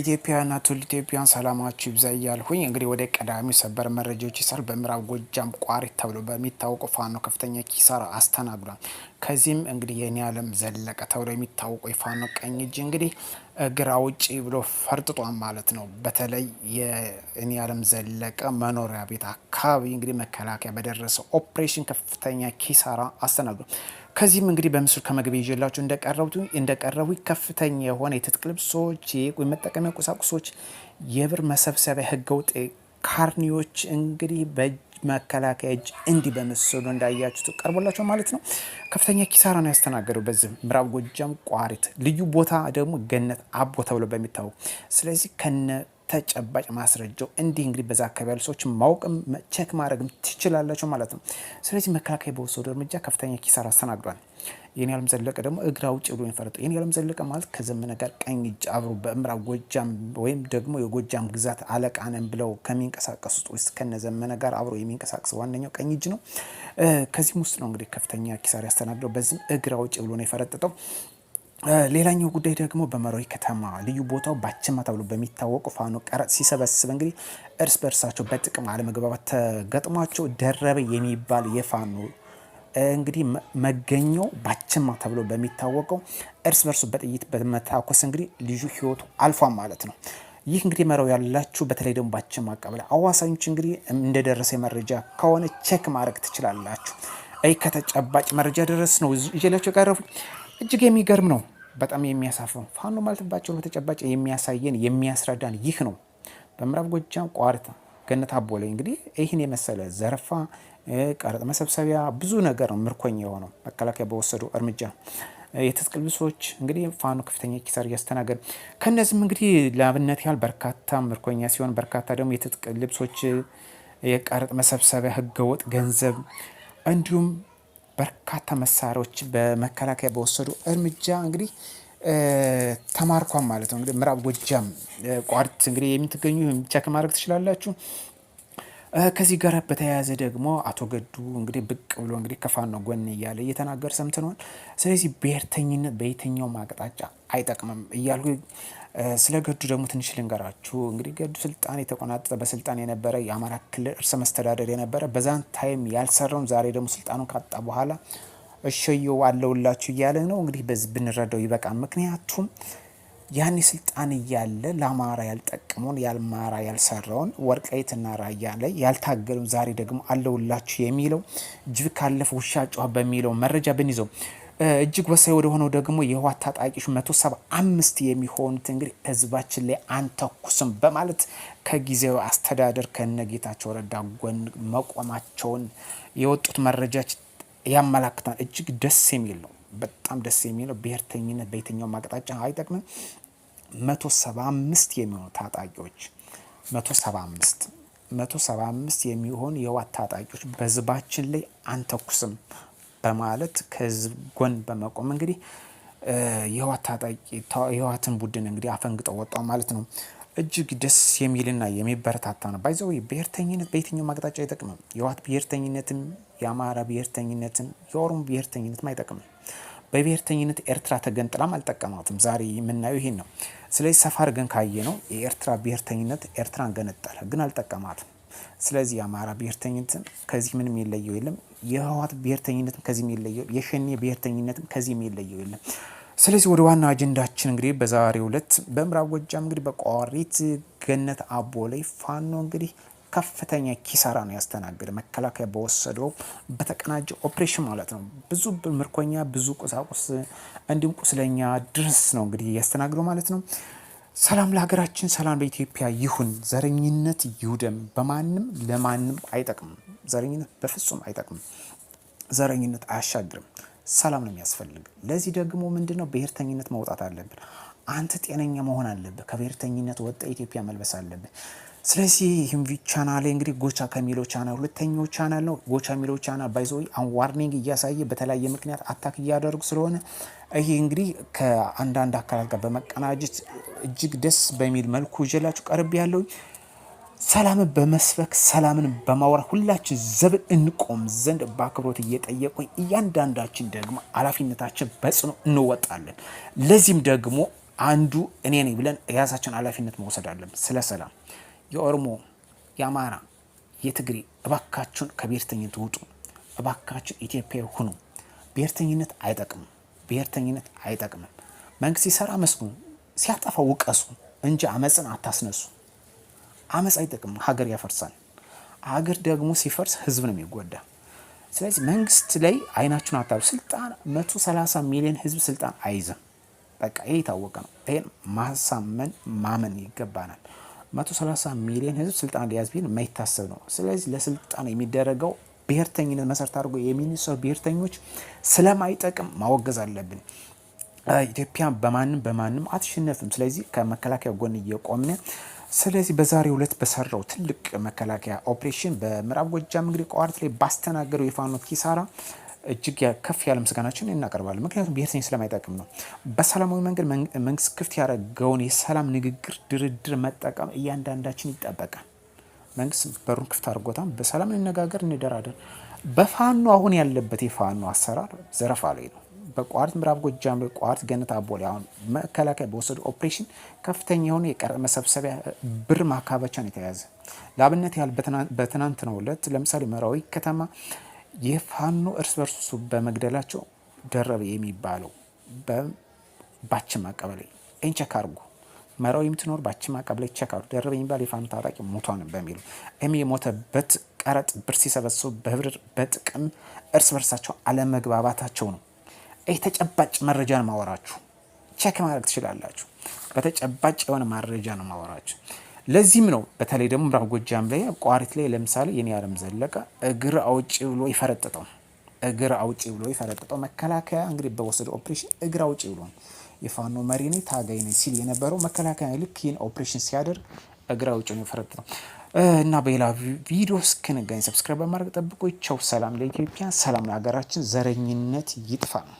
ኢትዮጵያና ትውልደ ኢትዮጵያን ሰላማችሁ ይብዛ እያልሁኝ እንግዲህ ወደ ቀዳሚው ሰበር መረጃዎች ይሳል። በምዕራብ ጎጃም ቋሪት ተብሎ በሚታወቀው ፋኖ ከፍተኛ ኪሳራ አስተናግዷል። ከዚህም እንግዲህ የኔ አለም ዘለቀ ተብሎ የሚታወቀው የፋኖ ቀኝ እጅ እንግዲህ እግራ ውጪ ብሎ ፈርጥጧን ማለት ነው። በተለይ የእኔ አለም ዘለቀ መኖሪያ ቤት አካባቢ እንግዲህ መከላከያ በደረሰ ኦፕሬሽን ከፍተኛ ኪሳራ አስተናግዷል። ከዚህም እንግዲህ በምስሉ ከመግቢ ይዤላችሁ እንደቀረቡት እንደቀረቡ ከፍተኛ የሆነ የትጥቅ ልብሶች፣ የመጠቀሚያ ቁሳቁሶች፣ የብር መሰብሰቢያ ህገወጥ ካርኒዎች እንግዲህ መከላከያ እጅ እንዲህ በምስሉ እንዳያችሁ ቀርቦላቸው ማለት ነው። ከፍተኛ ኪሳራ ነው ያስተናገደው። በዚህ ምዕራብ ጎጃም ቋሪት ልዩ ቦታ ደግሞ ገነት አቦ ተብሎ በሚታወቅ ስለዚህ ከነ ተጨባጭ ማስረጃው እንዲህ እንግዲህ በዛ አካባቢ ያሉ ሰዎች ማወቅም መቼክ ማድረግም ትችላላቸው ማለት ነው። ስለዚህ መከላከያ በወሰደው እርምጃ ከፍተኛ ኪሳራ አስተናግዷል። የኔ ያለም ዘለቀ ደግሞ እግራ ውጭ ብሎ የሚፈርጠ የኔ ያለም ዘለቀ ማለት ከዘመነ ጋር ቀኝ እጅ አብሮ በምዕራብ ጎጃም ወይም ደግሞ የጎጃም ግዛት አለቃ ነን ብለው ከሚንቀሳቀሱት ውስጥ ከነ ዘመነ ጋር አብሮ የሚንቀሳቀስ ዋነኛው ቀኝ እጅ ነው። ከዚህም ውስጥ ነው እንግዲህ ከፍተኛ ኪሳራ ያስተናግደው። በዚህም እግራ ውጭ ብሎ ነው የፈረጠጠው። ሌላኛው ጉዳይ ደግሞ በመራዊ ከተማ ልዩ ቦታው ባችማ ተብሎ በሚታወቁ ፋኖ ቀረጥ ሲሰበስብ እንግዲህ እርስ በእርሳቸው በጥቅም አለመግባባት ተገጥሟቸው ደረበ የሚባል የፋኖ እንግዲህ መገኘው ባችማ ተብሎ በሚታወቀው እርስ በርሱ በጥይት በመታኮስ እንግዲህ ልዩ ህይወቱ አልፏ ማለት ነው። ይህ እንግዲህ መራዊ ያላችሁ በተለይ ደግሞ ባችማ ቀበሌ አዋሳኞች እንግዲህ እንደደረሰ መረጃ ከሆነ ቼክ ማድረግ ትችላላችሁ። ይህ ከተጨባጭ መረጃ ደረስ ነው ይዤላቸው የቀረቡ እጅግ የሚገርም ነው። በጣም የሚያሳፍር ነው። ፋኖ ማለትባቸውን በተጨባጭ የሚያሳየን የሚያስረዳን ይህ ነው። በምዕራብ ጎጃም ቋርት ገነት አቦ ላይ እንግዲህ ይህን የመሰለ ዘረፋ፣ ቀረጥ መሰብሰቢያ ብዙ ነገር ነው ምርኮኛ የሆነው መከላከያ በወሰዱ እርምጃ የትጥቅ ልብሶች እንግዲህ ፋኖ ከፍተኛ ኪሳር እያስተናገድ ከእነዚህም እንግዲህ ለአብነት ያህል በርካታ ምርኮኛ ሲሆን በርካታ ደግሞ የትጥቅ ልብሶች፣ የቀረጥ መሰብሰቢያ፣ ህገወጥ ገንዘብ እንዲሁም በርካታ መሳሪያዎች በመከላከያ በወሰዱ እርምጃ እንግዲህ ተማርኳን ማለት ነው። እንግዲህ ምዕራብ ጎጃም ቋርት እንግዲህ የምትገኙ ቸክ ማድረግ ትችላላችሁ። ከዚህ ጋር በተያያዘ ደግሞ አቶ ገዱ እንግዲህ ብቅ ብሎ እንግዲህ ከፋኖ ጎን እያለ እየተናገር ሰምተነዋል። ስለዚህ ብሔርተኝነት በየትኛውም አቅጣጫ አይጠቅምም እያልኩ ስለ ገዱ ደግሞ ትንሽ ልንገራችሁ። እንግዲህ ገዱ ስልጣን የተቆናጠጠ በስልጣን የነበረ የአማራ ክልል እርሰ መስተዳደር የነበረ በዛን ታይም ያልሰራውን ዛሬ ደግሞ ስልጣኑን ካጣ በኋላ እሸዮ አለውላችሁ እያለ ነው። እንግዲህ በዚህ ብንረዳው ይበቃል። ምክንያቱም ያኔ ስልጣን እያለ ለአማራ ያልጠቀመውን ያልማራ ያልሰራውን ወልቃይትና ራያ ላይ ያልታገለውን ዛሬ ደግሞ አለውላችሁ የሚለው ጅብ ካለፈ ውሻ ጮኸ በሚለው መረጃ ብንይዘው እጅግ ወሳኝ ወደ ሆነው ደግሞ የህወሓት ታጣቂዎች መቶ ሰባ አምስት የሚሆኑት እንግዲህ ህዝባችን ላይ አንተኩስም በማለት ከጊዜያዊ አስተዳደር ጌታቸው ረዳ ጎን መቆማቸውን የወጡት መረጃዎች ያመላክታል። እጅግ ደስ የሚል ነው። በጣም ደስ ነው። ብሔርተኝነት በየትኛውም አቅጣጫ አይጠቅምም። መቶ ሰባ አምስት የሚሆኑ ታጣቂዎች መቶ ሰባ አምስት መቶ ሰባ አምስት የሚሆኑ የህወሓት ታጣቂዎች በህዝባችን ላይ አንተኩስም በማለት ከህዝብ ጎን በመቆም እንግዲህ የህወሓት ታጣቂ የህወሓትን ቡድን እንግዲህ አፈንግጠው ወጣው ማለት ነው። እጅግ ደስ የሚልና የሚበረታታ ነው። ባይዘው ብሔርተኝነት በየትኛውም አቅጣጫ አይጠቅምም። የህወሓት ብሔርተኝነትም፣ የአማራ ብሔርተኝነትም፣ የኦሮሞ ብሔርተኝነትም አይጠቅምም። በብሔርተኝነት ኤርትራ ተገንጥላም አልጠቀማትም። ዛሬ የምናየው ይሄን ነው። ስለዚህ ሰፋር ግን ካየ ነው የኤርትራ ብሔርተኝነት ኤርትራን ገነጠለ፣ ግን አልጠቀማትም። ስለዚህ የአማራ ብሔርተኝነትም ከዚህ ምንም የለየው የለም። የህወሓት ብሔርተኝነትም ከዚህ የለየው የሸኔ ብሔርተኝነትም ከዚህ የለየው የለም። ስለዚህ ወደ ዋና አጀንዳችን እንግዲህ በዛሬው ዕለት በምዕራብ ጎጃም እንግዲህ በቋሪት ገነት አቦ ላይ ፋኖ እንግዲህ ከፍተኛ ኪሳራ ነው ያስተናገደ። መከላከያ በወሰደው በተቀናጀ ኦፕሬሽን ማለት ነው። ብዙ ምርኮኛ፣ ብዙ ቁሳቁስ እንዲሁም ቁስለኛ ድረስ ነው እንግዲህ ያስተናግደው ማለት ነው። ሰላም ለሀገራችን፣ ሰላም ለኢትዮጵያ ይሁን። ዘረኝነት ይውደም። በማንም ለማንም አይጠቅም። ዘረኝነት በፍጹም አይጠቅም። ዘረኝነት አያሻግርም። ሰላም ነው የሚያስፈልግ። ለዚህ ደግሞ ምንድን ነው ብሔርተኝነት መውጣት አለብን። አንተ ጤነኛ መሆን አለብህ። ከብሔርተኝነት ወጣ ኢትዮጵያ መልበስ አለብህ። ስለዚህ ይህም ቻናል እንግዲህ ጎቻ ከሚለው ቻናል ሁለተኛው ቻናል ነው። ጎቻ የሚለው ቻናል ባይዘ አሁን ዋርኒንግ እያሳየ በተለያየ ምክንያት አታክ እያደርጉ ስለሆነ ይሄ እንግዲህ ከአንዳንድ አካላት ጋር በመቀናጀት እጅግ ደስ በሚል መልኩ ይዤላችሁ ቀርብ ያለው ሰላምን በመስበክ ሰላምን በማውራት ሁላችን ዘብን እንቆም ዘንድ በአክብሮት እየጠየቁኝ እያንዳንዳችን ደግሞ ኃላፊነታችን በጽኑ እንወጣለን። ለዚህም ደግሞ አንዱ እኔ ነኝ ብለን የራሳችን ኃላፊነት መውሰድ አለን። ስለ ሰላም የኦሮሞ የአማራ የትግሬ እባካችሁን ከብሔርተኝነት ውጡ። እባካችሁን ኢትዮጵያዊ ሁኑ። ብሔርተኝነት አይጠቅምም። ብሔርተኝነት አይጠቅምም። መንግስት ሲሰራ መስጉን፣ ሲያጠፋ ውቀሱ እንጂ አመፅን አታስነሱ። አመፅ አይጠቅም፣ ሀገር ያፈርሳል። ሀገር ደግሞ ሲፈርስ ህዝብ ነው የሚጎዳ። ስለዚህ መንግስት ላይ አይናችሁን አታሉ። ስልጣን 130 ሚሊዮን ህዝብ ስልጣን አይይዝም። በቃ ይህ የታወቀ ነው። ይህን ማሳመን ማመን ይገባናል። 130 ሚሊዮን ህዝብ ስልጣን ሊያዝ ቢል የማይታሰብ ነው። ስለዚህ ለስልጣን የሚደረገው ብሔርተኝነት መሰረት አድርጎ የሚነሳው ብሔርተኞች ስለማይጠቅም ማወገዝ አለብን። ኢትዮጵያ በማንም በማንም አትሸነፍም። ስለዚህ ከመከላከያ ጎን እየቆምን ስለዚህ በዛሬው ሁለት በሰራው ትልቅ መከላከያ ኦፕሬሽን በምዕራብ ጎጃም እንግዲህ ቋሪት ላይ ባስተናገደው የፋኖ ኪሳራ እጅግ ከፍ ያለ ምስጋናችን እናቀርባለን። ምክንያቱም ብሔርተኝ ስለማይጠቅም ነው። በሰላማዊ መንገድ መንግስት ክፍት ያደረገውን የሰላም ንግግር፣ ድርድር መጠቀም እያንዳንዳችን ይጠበቃል። መንግስት በሩን ክፍት አድርጎታል። በሰላም እንነጋገር፣ እንደራደር። በፋኖ አሁን ያለበት የፋኖ አሰራር ዘረፋ ላይ ነው። በቋርት ምዕራብ ጎጃም ላይ ገነት አቦ ላይ አሁን መከላከያ በወሰዱ ኦፕሬሽን ከፍተኛ የሆነ የቀረ መሰብሰቢያ ብር ማካበቻን የተያዘ ለአብነት ያህል በትናንትናው ዕለት ለምሳሌ መራዊ ከተማ የፋኖ እርስ በርሱ በመግደላቸው ደረበ የሚባለው ባችን ማቀበል ኤንቸክ መራው የምትኖር ባችማ ቀብላይ ቸካሉ ደረበ የሚባል የፋኖ ታጣቂ ሞቷን በሚሉ እሚ የሞተበት ቀረጥ ብር ሲሰበስቡ በብር በጥቅም እርስ በርሳቸው አለመግባባታቸው ነው። ይህ ተጨባጭ መረጃ ነው ማወራችሁ። ቸክ ማድረግ ትችላላችሁ። በተጨባጭ የሆነ መረጃ ነው ማወራችሁ። ለዚህም ነው በተለይ ደግሞ ምዕራብ ጎጃም ላይ ቋሪት ላይ ለምሳሌ የኔ ያለም ዘለቀ እግር አውጪ ብሎ ይፈረጥጠው እግር አውጪ ብሎ ይፈረጥጠው መከላከያ እንግዲህ በወሰደ ኦፕሬሽን እግር አውጪ ብሎ የፋኖ መሪ ነኝ ታጋይ ነኝ ሲል የነበረው መከላከያ ልክ ይህን ኦፕሬሽን ሲያደርግ እግራ ውጭ ነው የፈረጥ ነው እና በሌላ ቪዲዮ እስክንገኝ ሰብስክራይብ በማድረግ ጠብቆ ቸው። ሰላም ለኢትዮጵያ፣ ሰላም ለሀገራችን፣ ዘረኝነት ይጥፋ ነው።